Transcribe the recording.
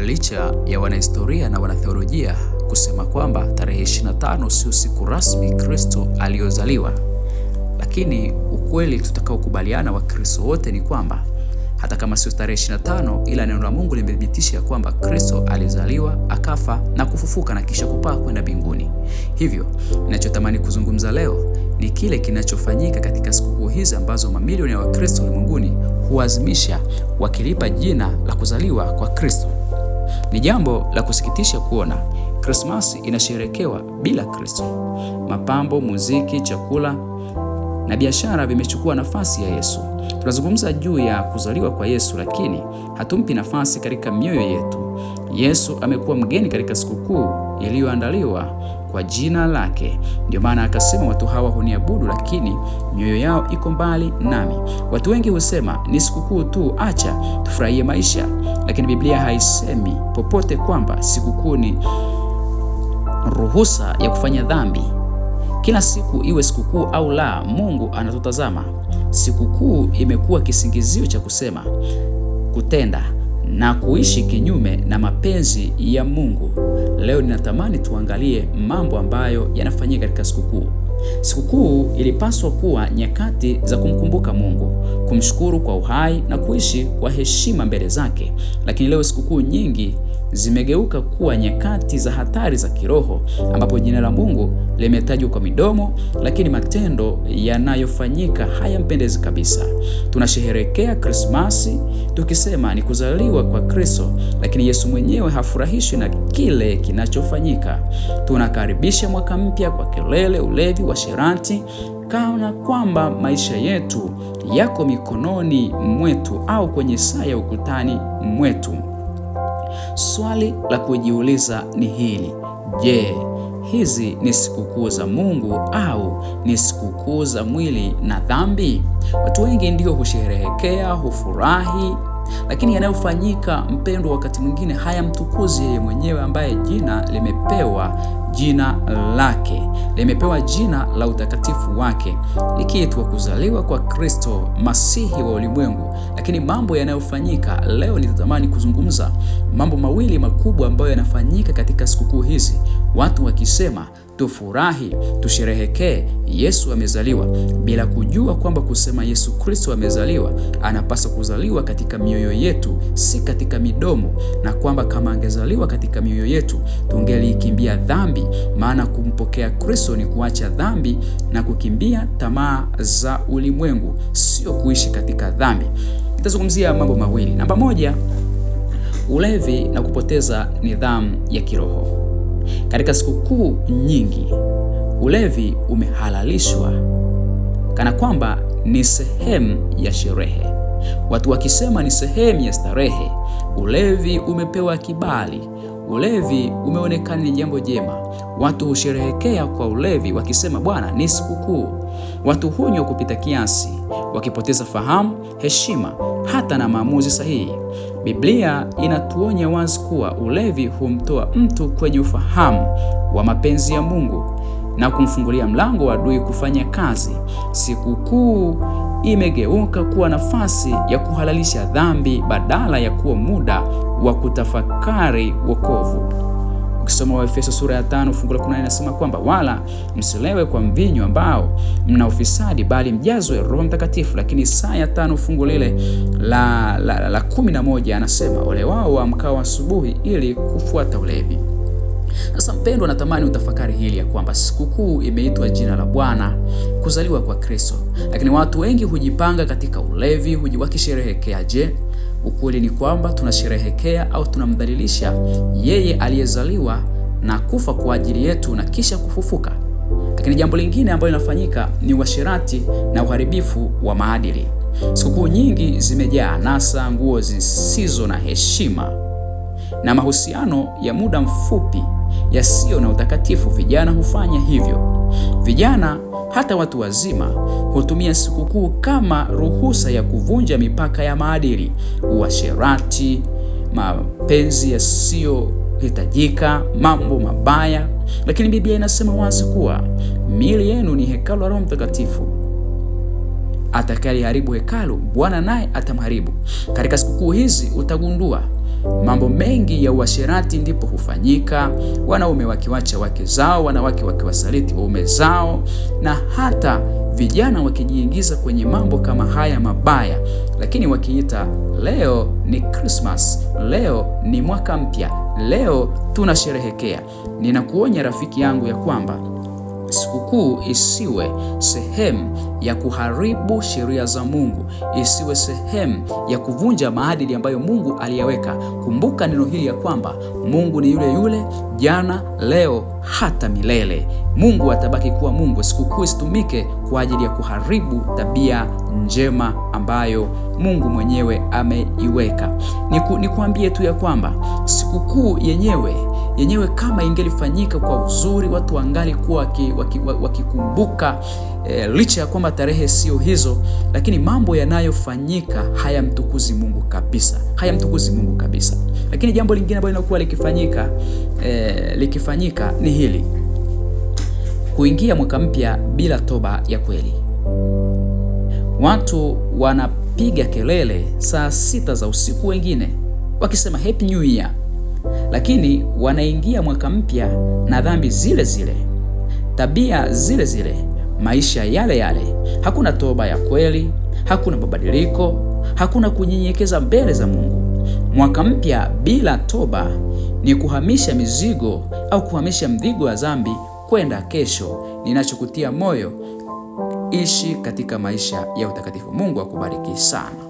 licha ya wanahistoria na wanatheolojia kusema kwamba tarehe 25 sio siku rasmi Kristo aliyozaliwa, lakini ukweli tutakaokubaliana Wakristo wote ni kwamba hata kama sio tarehe 25, ila neno la Mungu limethibitisha ya kwamba Kristo alizaliwa, akafa na kufufuka na kisha kupaa kwenda mbinguni. Hivyo ninachotamani kuzungumza leo ni kile kinachofanyika katika sikukuu hizi ambazo mamilioni ya Wakristo ulimwenguni huazimisha wakilipa jina la kuzaliwa kwa Kristo. Ni jambo la kusikitisha kuona Krismasi inasherekewa bila Kristo. Mapambo, muziki, chakula na biashara vimechukua nafasi ya Yesu. Tunazungumza juu ya kuzaliwa kwa Yesu, lakini hatumpi nafasi katika mioyo yetu. Yesu amekuwa mgeni katika sikukuu iliyoandaliwa kwa jina lake. Ndio maana akasema, watu hawa huniabudu, lakini mioyo yao iko mbali nami. Watu wengi husema ni sikukuu tu, acha tufurahie maisha, lakini Biblia haisemi popote kwamba sikukuu ni ruhusa ya kufanya dhambi. Kila siku iwe sikukuu au la, Mungu anatutazama. Sikukuu imekuwa kisingizio cha kusema, kutenda na kuishi kinyume na mapenzi ya Mungu. Leo ninatamani tuangalie mambo ambayo yanafanyika katika sikukuu. Sikukuu ilipaswa kuwa nyakati za kumkumbuka Mungu, kumshukuru kwa uhai na kuishi kwa heshima mbele zake. Lakini leo sikukuu nyingi zimegeuka kuwa nyakati za hatari za kiroho ambapo jina la Mungu limetajwa kwa midomo, lakini matendo yanayofanyika hayampendezi kabisa. Tunasherehekea Krismasi tukisema ni kuzaliwa kwa Kristo, lakini Yesu mwenyewe hafurahishwi na kile kinachofanyika. Tunakaribisha mwaka mpya kwa kelele, ulevi, washerati kana kwamba maisha yetu yako mikononi mwetu au kwenye saa ya ukutani mwetu. Swali la kujiuliza ni hili: je, hizi ni sikukuu za Mungu au ni sikukuu za mwili na dhambi? Watu wengi ndio husherehekea, hufurahi lakini yanayofanyika mpendwa, wakati mwingine hayamtukuzi yeye mwenyewe ambaye jina limepewa jina lake, limepewa jina la utakatifu wake, likiitwa kuzaliwa kwa Kristo masihi wa ulimwengu. Lakini mambo yanayofanyika leo, nitatamani kuzungumza mambo mawili makubwa ambayo yanafanyika katika sikukuu hizi, watu wakisema tufurahi, tusherehekee, Yesu amezaliwa, bila kujua kwamba kusema Yesu Kristo amezaliwa anapaswa kuzaliwa katika mioyo yetu, si katika midomo, na kwamba kama angezaliwa katika mioyo yetu tungeliikimbia dhambi, maana kumpokea Kristo ni kuacha dhambi na kukimbia tamaa za ulimwengu, sio kuishi katika dhambi. Nitazungumzia mambo mawili. Namba moja, ulevi na kupoteza nidhamu ya kiroho. Katika sikukuu nyingi, ulevi umehalalishwa kana kwamba ni sehemu ya sherehe. Watu wakisema ni sehemu ya starehe, ulevi umepewa kibali. Ulevi umeonekana ni jambo jema. Watu husherehekea kwa ulevi wakisema, bwana ni sikukuu. Watu hunywa kupita kiasi, wakipoteza fahamu, heshima, hata na maamuzi sahihi. Biblia inatuonya wazi kuwa ulevi humtoa mtu kwenye ufahamu wa mapenzi ya Mungu na kumfungulia mlango wa adui kufanya kazi. Sikukuu imegeuka kuwa nafasi ya kuhalalisha dhambi badala ya kuwa muda wa kutafakari wokovu. Ukisoma Waefeso sura ya 5 fungu la kumi inasema kwamba wala msilewe kwa mvinyo ambao mna ufisadi, bali mjazwe Roho Mtakatifu. Lakini Isaya tano fungu lile la, la, la, la kumi na moja anasema ole wao waamkao asubuhi ili kufuata ulevi. Sasa mpendwa, natamani utafakari hili ya kwamba sikukuu imeitwa jina la Bwana, kuzaliwa kwa Kristo, lakini watu wengi hujipanga katika ulevi, Je, Ukweli ni kwamba tunasherehekea au tunamdhalilisha yeye aliyezaliwa na kufa kwa ajili yetu na kisha kufufuka. Lakini jambo lingine ambalo linafanyika ni uasherati na uharibifu wa maadili. Sikukuu nyingi zimejaa anasa, nguo zisizo na heshima na mahusiano ya muda mfupi yasiyo na utakatifu, vijana hufanya hivyo. Vijana hata watu wazima hutumia sikukuu kama ruhusa ya kuvunja mipaka ya maadili, uasherati, mapenzi yasiyohitajika, mambo mabaya. Lakini Biblia inasema wazi kuwa miili yenu ni hekalu la Roho Mtakatifu. Atakayeharibu hekalu, Bwana naye atamharibu. Katika sikukuu hizi utagundua Mambo mengi ya uasherati ndipo hufanyika, wanaume wakiwacha wake zao, wanawake wakiwasaliti waume zao, na hata vijana wakijiingiza kwenye mambo kama haya mabaya, lakini wakiita leo ni Christmas, leo ni mwaka mpya, leo tunasherehekea. Ninakuonya rafiki yangu ya kwamba sikukuu isiwe sehemu ya kuharibu sheria za Mungu, isiwe sehemu ya kuvunja maadili ambayo Mungu aliyaweka. Kumbuka neno hili ya kwamba Mungu ni yule yule jana, leo, hata milele. Mungu atabaki kuwa Mungu. Sikukuu isitumike kwa ajili ya kuharibu tabia njema ambayo Mungu mwenyewe ameiweka. Niku, nikuambie tu ya kwamba sikukuu yenyewe yenyewe kama ingelifanyika kwa uzuri, watu wangali kuwa wakikumbuka waki, waki e, licha ya kwamba tarehe sio hizo, lakini mambo yanayofanyika hayamtukuzi Mungu kabisa, hayamtukuzi Mungu kabisa. Lakini jambo lingine ambalo linakuwa likifanyika e, likifanyika ni hili kuingia mwaka mpya bila toba ya kweli. Watu wanapiga kelele saa sita za usiku, wengine wakisema happy new year lakini wanaingia mwaka mpya na dhambi zile zile, tabia zile zile, maisha yale yale. Hakuna toba ya kweli, hakuna mabadiliko, hakuna kunyenyekeza mbele za Mungu. Mwaka mpya bila toba ni kuhamisha mizigo au kuhamisha mzigo wa dhambi kwenda kesho. Ninachokutia moyo, ishi katika maisha ya utakatifu. Mungu akubariki sana.